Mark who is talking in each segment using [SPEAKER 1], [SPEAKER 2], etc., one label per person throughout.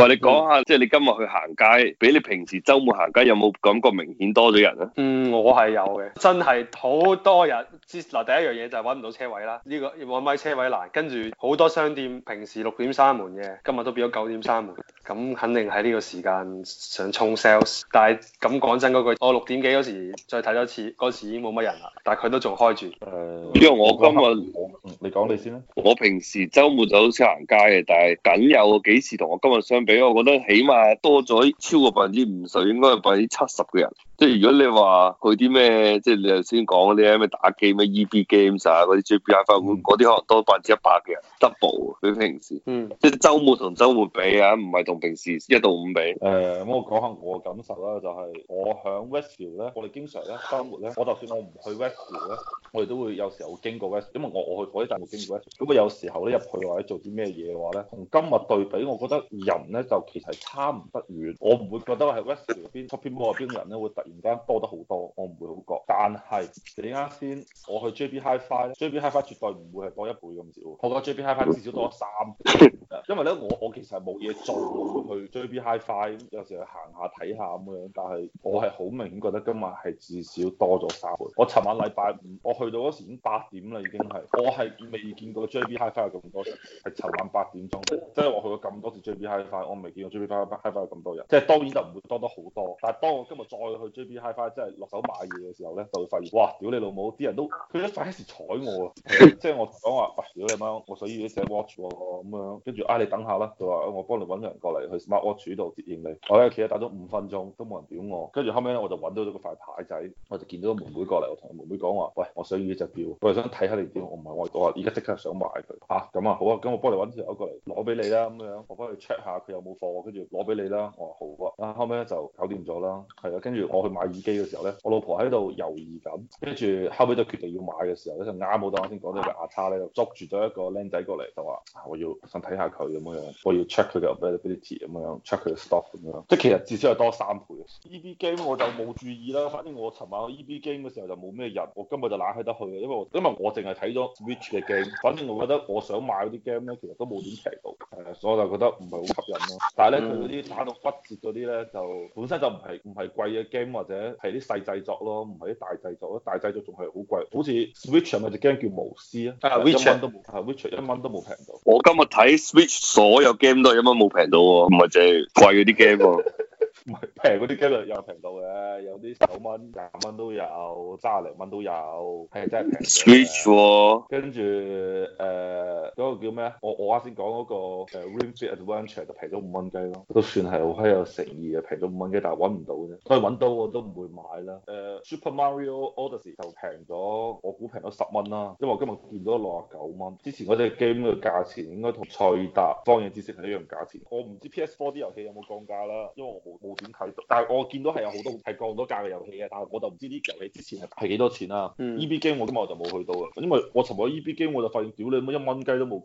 [SPEAKER 1] 喂，你講下，嗯、即係你今日去行街，比你平時周末行街有冇感覺明顯多咗人啊？嗯，
[SPEAKER 2] 我係有嘅，真係好多人。嗱，第一樣嘢就係揾唔到車位啦，呢、這個揾位車位難。跟住好多商店平時六點閂門嘅，今日都變咗九點閂門。咁肯定喺呢個時間想衝 sales。但係咁講真嗰句，我六點幾嗰時再睇多一次，嗰時已經冇乜人啦，但係佢都仲開住。誒、呃，因為我今日，你
[SPEAKER 3] 講你先
[SPEAKER 1] 啦。我平時周末就好少行街嘅，但係僅有幾次同我今日相比，我覺得起碼多咗超過百分之五十，應該係百分之七十嘅人。即係如果你話佢啲咩，即係你頭先講嗰啲咩打機咩 EB Games 啊，嗰啲 J.B.I.F.A. 嗰啲，嗰啲可能多百分之一百嘅人 double 佢平時，嗯、即係週末同周末比啊，唔係同平時一到五比。誒、欸，
[SPEAKER 3] 咁我講下我嘅感受啦，就係、是、我響 Westfield 咧，我哋經常咧生活咧，我就算我唔去 Westfield 咧，我哋都會有時候會經過 Westfield，因為我我去嗰啲就會經過 Westfield。咁啊，有時候咧入去或者做啲咩嘢嘅話咧，同今日對比，我覺得人咧就其實差唔不遠，我唔會覺得喺 Westfield 邊、Topi 邊嘅人咧會突然。而家多得好多，我唔會好覺。但係你啱先，我去 JB Hi-Fi 咧，JB Hi-Fi 絕對唔會係多一倍咁少。我覺得 JB Hi-Fi 至少多咗三倍。因為咧，我我其實冇嘢做去 JB Hi-Fi，有時去行下睇下咁樣。但係我係好明顯覺得今日係至少多咗三倍。我尋晚禮拜五，我去到嗰時已經八點啦，已經係我係未見過 JB Hi-Fi 有咁多人，係尋晚八點鐘，即係我去過咁多次 JB Hi-Fi，我未見過 JB Hi-Fi 有咁多人。即係當然就唔會多得好多，但係當我今日再去。最 h i f i 真即係落手買嘢嘅時候咧，就會發現哇，屌你老母！啲人都佢一快一時睬我啊， 即係我同講話喂，屌、哎、你媽！我想要隻 watch 喎、啊、咁樣，跟住啊你等下啦，佢話我幫你揾個人過嚟去 smart watch 度接應你。我咧企咗打咗五分鐘，都冇人屌我，跟住後尾咧我就揾到咗個牌仔，我就見到個妹妹過嚟，我同妹妹講話喂，我想要隻表、呃，我係想睇下你表，我唔係我啊。而家即刻想買佢吓，咁啊，啊好啊，咁、啊、我幫你揾條友過嚟攞俾你啦咁樣、啊，我幫你 check 下佢有冇貨，跟住攞俾你啦。我話好啊，啊後尾咧就搞掂咗啦，係啊，跟住我 detto 買耳機嘅時候咧，我老婆喺度猶豫緊，跟住後尾就決定要買嘅時候咧，就啱好當先講到個阿叉咧，就捉住咗一個僆仔過嚟，就、啊、話我要想睇下佢咁樣，我要 check 佢嘅 ability 咁樣，check 佢嘅 stock 咁樣，即係其實至少係多三倍。E B game 我就冇注意啦，反正我尋晚 E B game 嘅時候就冇咩人，我今日就懶閪得去，因為我因為我淨係睇咗 Switch 嘅 game，反正我覺得我想買嗰啲 game 咧，其實都冇點睇到，誒，所以我就覺得唔係好吸引咯。但係咧，佢嗰啲打到骨折嗰啲咧，就本身就唔係唔係貴嘅 game。或者係啲細製作咯，唔係啲大製作咯，大製作仲係好貴。好似 Switch 係咪隻 game 叫巫師啊，uh, Richard，一蚊都冇，啊 Switch 一蚊都冇平到。
[SPEAKER 1] 我今日睇 Switch 所有 game 都係一蚊冇平到，唔係淨係貴嗰啲 game。
[SPEAKER 3] 唔係平嗰啲 game 又平到嘅，有啲九蚊、廿蚊都有，三十零蚊都有，係真係平。Switch 喎、哦，跟住誒。呃叫咩？我我啱先講嗰個誒《Ring Fit Adventure》就平咗五蚊雞咯，都算係好閪有誠意嘅，平咗五蚊雞，但係揾唔到啫。我揾到我都唔會買啦。誒、uh,《Super Mario Odyssey》就平咗，我估平咗十蚊啦，因為我今日見到六啊九蚊。之前嗰隻 game 嘅價錢應該同《賽達方嘅知識》係一樣價錢。我唔知 PS Four 啲遊戲有冇降價啦，因為我冇冇點睇到。但係我見到係有好多係降多價嘅遊戲嘅，但係我就唔知啲遊戲之前係係幾多錢啦、啊。嗯、E.B. game 我今日就冇去到啦，因為我尋日 E.B. game 我就發現屌你乜一蚊雞都冇。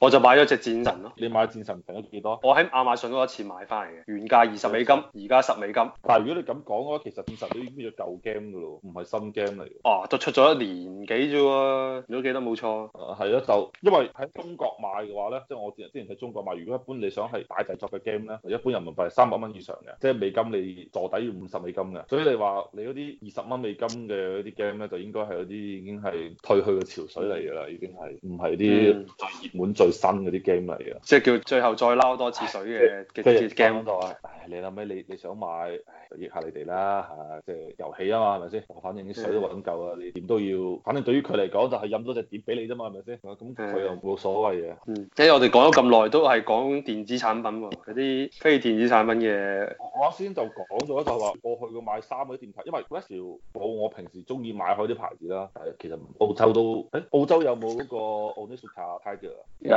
[SPEAKER 3] 我就買咗隻
[SPEAKER 2] 戰神咯、啊。你
[SPEAKER 3] 買戰神平咗幾多？我喺
[SPEAKER 2] 亞馬遜嗰一次買翻嚟嘅原價二十美金，而家十美金。但係如果你咁講嘅話，其實戰神都已經變咗舊
[SPEAKER 3] game 嘅咯，唔係新 game 嚟嘅。啊，就出咗一年幾啫喎，你都記得冇錯。係咯、啊，就因為喺中國買嘅話咧，即係我之前喺中國買。如果一般你想係大製作嘅 game 咧，一般人民幣三百蚊以上嘅，即係美金你坐底要五十美金嘅。所以你話你嗰啲二十蚊美金嘅嗰啲 game 咧，就應該係嗰啲已經係退去嘅潮水嚟嘅啦，已經係唔係啲熱門最新嗰啲 game、ER、嚟嘅，即係叫最後再撈多次水嘅 game 度啊！唉，你諗咩？你你想買，唉、欸，益下你哋啦嚇，即、啊、係遊戲啊嘛，係咪先？我反正啲水都揾夠啊，嗯、你點都要，反正對於佢嚟講就係飲多隻碟俾你啫嘛，係咪先？咁佢又冇所謂嘅，嗯
[SPEAKER 2] 嗯。即係我哋講咗咁耐都係講電子產品喎，嗰啲非電子產品嘅。
[SPEAKER 3] 我啱先就講咗就係話，我去過買衫嗰啲電台，因為 West 冇我平時中意買開啲牌子啦，但係其實澳洲都，誒、欸、澳洲有冇嗰個 Uniqlo、so、太？有，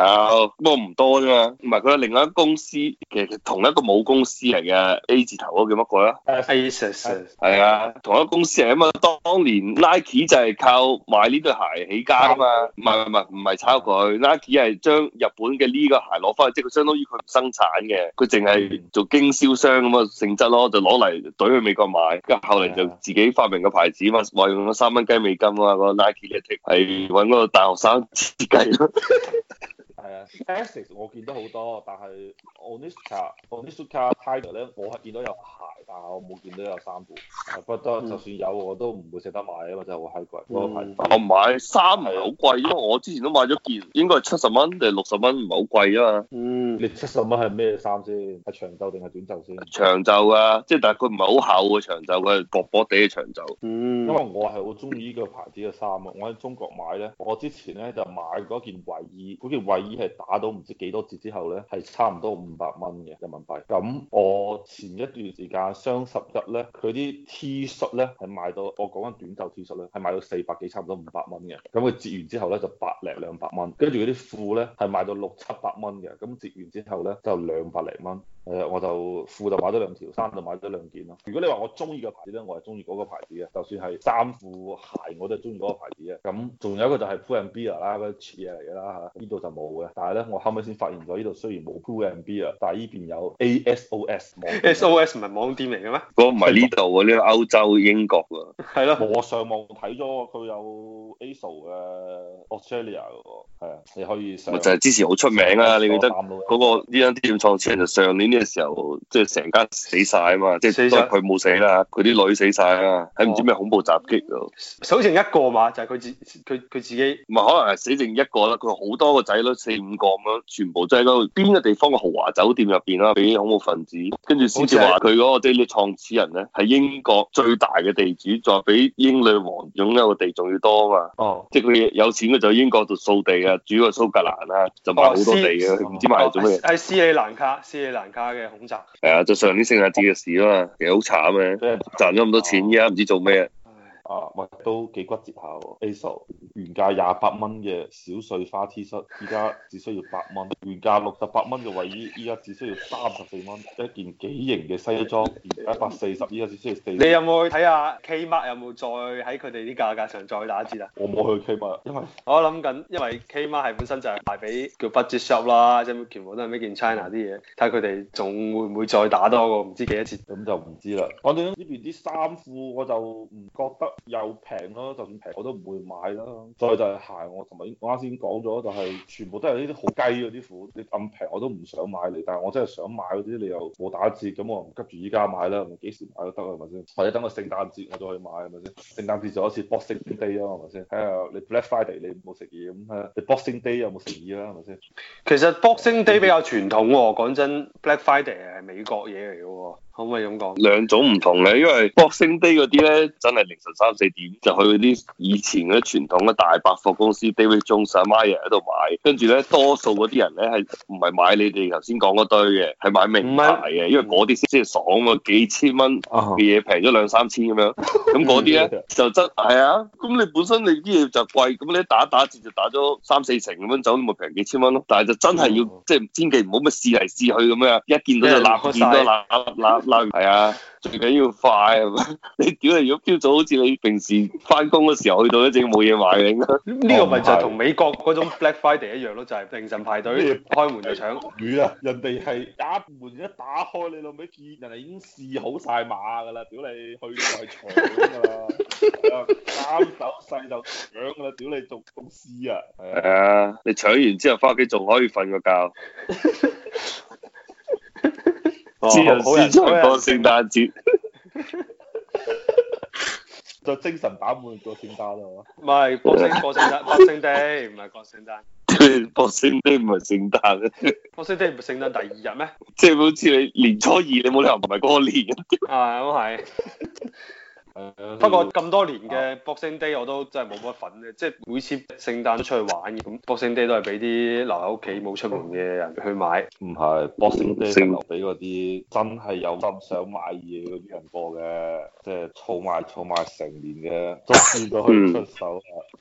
[SPEAKER 3] 不
[SPEAKER 1] 過唔多啫嘛。唔係佢喺另外一個公司，其實同一個母公司嚟嘅。A 字頭嗰個叫乜鬼啊？係啊，同一個公司嚟嘛。啊，當年 Nike 就係靠賣呢對鞋起家㗎嘛。唔係唔係唔係抄佢，的 Nike 係將日本嘅呢個鞋攞翻去，即係佢相當於佢唔生產嘅，佢淨係做經銷商咁嘅性質咯，就攞嚟懟去美國賣。跟住後嚟就自己發明個牌子嘛，用咗三蚊雞美金啊，個 Nike 鞋係揾嗰個大學生設計
[SPEAKER 2] 咯。
[SPEAKER 3] 係啊 Asics 我見到好多，但係 Onitsuka Onitsuka Tiger 呢，我係見到有鞋，但係我冇見到有衫褲。不過就算有，我都唔會捨得買啊嘛，真係好貴嗰個品牌。我
[SPEAKER 1] 唔買，衫唔係好貴，因為的我之前都買咗件，應該係七十蚊定係六十蚊，唔係好貴啫嘛。嗯。
[SPEAKER 3] 你七十蚊係咩衫先？係長袖定係短袖先？長
[SPEAKER 1] 袖啊，即係但係佢唔係好厚嘅長袖，佢係薄薄哋嘅長袖。
[SPEAKER 3] 嗯因為我係好中意呢個牌子嘅衫啊！我喺中國買呢，我之前呢就買嗰件衞衣，嗰件衞衣係打到唔知幾多折之後呢，係差唔多五百蚊嘅人民幣。咁我前一段時間雙十一呢，佢啲 T 恤呢係賣到，我講緊短袖 T 恤呢，係賣到四百幾，差唔多五百蚊嘅。咁佢折完之後呢，就百零兩百蚊，跟住嗰啲褲呢，係賣到六七百蚊嘅。咁折完之後呢，就兩百零蚊。係啊，我就褲就買咗兩條，衫就買咗兩件咯。如果你話我中意嘅牌子咧，我係中意嗰個牌子嘅。就算係衫褲鞋，我都係中意嗰個牌子嘅。咁仲有一個就係 Pull&Bear 啦，嘢嚟嘅啦嚇。呢度就冇嘅，但係咧我後尾先發現咗，呢度雖然冇 Pull&Bear，但係呢邊有 ASOS。ASOS
[SPEAKER 1] 唔係網店嚟嘅咩？嗰個唔係呢度喎，呢個歐洲英國
[SPEAKER 3] 喎。係咯，我上網睇咗，佢有 ASO 嘅 Australia 喎。係啊，你可以上。就係之前好出名啊！咩？你記得
[SPEAKER 1] 嗰個呢間店創始人就上年。嘅時候，即係成間死晒啊嘛！即係當佢冇死啦了，佢啲吧女死晒啦，喺唔知咩恐怖襲擊度、嗯。
[SPEAKER 2] 死剩一個嘛，就係、是、佢自佢佢自己。唔係可能係死剩一個
[SPEAKER 1] 啦，佢好多個仔咯，四五個咁樣，全部都喺嗰邊嘅地方嘅豪華酒店入邊啦，俾恐怖分子。跟住先至話佢嗰個即係啲創始人咧，係英國最大嘅地主，再比英女王擁有嘅地仲要多 country,、嗯、啊嘛、啊哦哦。哦。即係佢有錢嘅就喺英國度掃地啊，主要係蘇格蘭啊，就買好多地佢唔知買嚟做咩。
[SPEAKER 2] 喺斯里蘭卡，斯里蘭卡。啊
[SPEAKER 3] 嘅
[SPEAKER 1] 恐襲係啊，就上年聖誕節嘅事啊嘛，其實好慘啊，賺咗咁多錢，依家唔知做咩啊。
[SPEAKER 3] 啊，或都幾骨折下喎。Asos 原價廿八蚊嘅小碎花 T 恤，依家只需要八蚊。原價六十八蚊嘅衞衣，依家只需要三十四蚊。一件幾型嘅西裝，原價一百四十，依家只需要四。你有冇去睇下
[SPEAKER 2] Kmart 有冇再喺佢哋啲價格上再打一折啊？我冇去
[SPEAKER 3] Kmart，因為
[SPEAKER 2] 我諗緊，因為 Kmart 係本身就係賣俾叫 Budget Shop 啦，即係全部都係 made in China 啲嘢。睇下佢哋仲會唔會再打多個唔知幾多折，咁就唔知啦。
[SPEAKER 3] 我哋呢邊啲衫褲，我就唔覺得。又平咯，就算平我都唔會買啦。再就係、是、鞋，我同埋我啱先講咗，就係、是、全部都係呢啲好雞嗰啲款。你咁平我都唔想買你，但係我真係想買嗰啲，你又冇打折，咁我唔急住依家買啦，咪幾時買都得係咪先？或者等個聖誕節我再去買係咪先？聖誕節就好似 Boxing Day 啊係咪先？睇下你 Black Friday 你冇食嘢咁啊？你 Boxing Day 有冇食嘢啦係咪先？是是
[SPEAKER 2] 其實 Boxing Day 比較傳統喎、哦，講真，Black Friday 係美國嘢嚟㗎喎。可唔可以咁講？
[SPEAKER 1] 兩種唔同嘅，因為 Boxing Day 嗰啲咧，真係凌晨三四點就去嗰啲以前嗰啲傳統嘅大百貨公司 David Jones、Myer 喺度買，跟住咧多數嗰啲人咧係唔係買你哋頭先講嗰堆嘅，係買名牌嘅，因為嗰啲先先係爽啊，幾千蚊嘅嘢平咗兩三千咁樣，咁嗰啲咧就真係啊，咁你本身你啲嘢就貴，咁你打打折就打咗三四成咁樣，走咁咪平幾千蚊咯。但係就真係要即係千祈唔好咩試嚟試去咁樣，一見到就立見到揦。嗱，係啊，最緊要是快，係咪？你屌你，如果朝早好似你平時翻工嘅時候去到，一陣冇嘢買嘅，呢個咪就同美國
[SPEAKER 2] 嗰種 Black Friday 一樣咯，啊，就係凌晨排隊，開門就搶魚啊，啊人！人哋係打
[SPEAKER 3] 門一打開你，你老味見人哋已經試好晒碼噶啦，屌你去就係搶啊，啱手勢就搶噶啦，屌你做公司啊！係
[SPEAKER 1] 啊，你搶完之後翻屋企仲可以瞓個覺。
[SPEAKER 2] 知人好人才過聖誕節，就精神飽滿過聖誕咯。唔係
[SPEAKER 1] 過聖過聖誕
[SPEAKER 2] Boxing Day，唔係過聖
[SPEAKER 1] 誕。Boxing Day 唔係聖誕咧
[SPEAKER 2] ？Boxing Day 唔係聖誕第二日咩？
[SPEAKER 1] 即係 好似你年初二，你冇理由唔係過年，
[SPEAKER 2] 啊。 係都係。嗯嗯嗯嗯嗯 不過咁多年嘅 Boxing Day 我都真係冇乜份嘅，即係每次聖誕都出去玩，咁 Boxing Day 都係俾啲留喺屋企冇出門嘅人去買。唔
[SPEAKER 3] 係是是 Boxing Day 留俾嗰啲真係有心想買嘢嗰啲人過嘅，即係儲埋儲埋成年嘅， 都夠可以出手啦。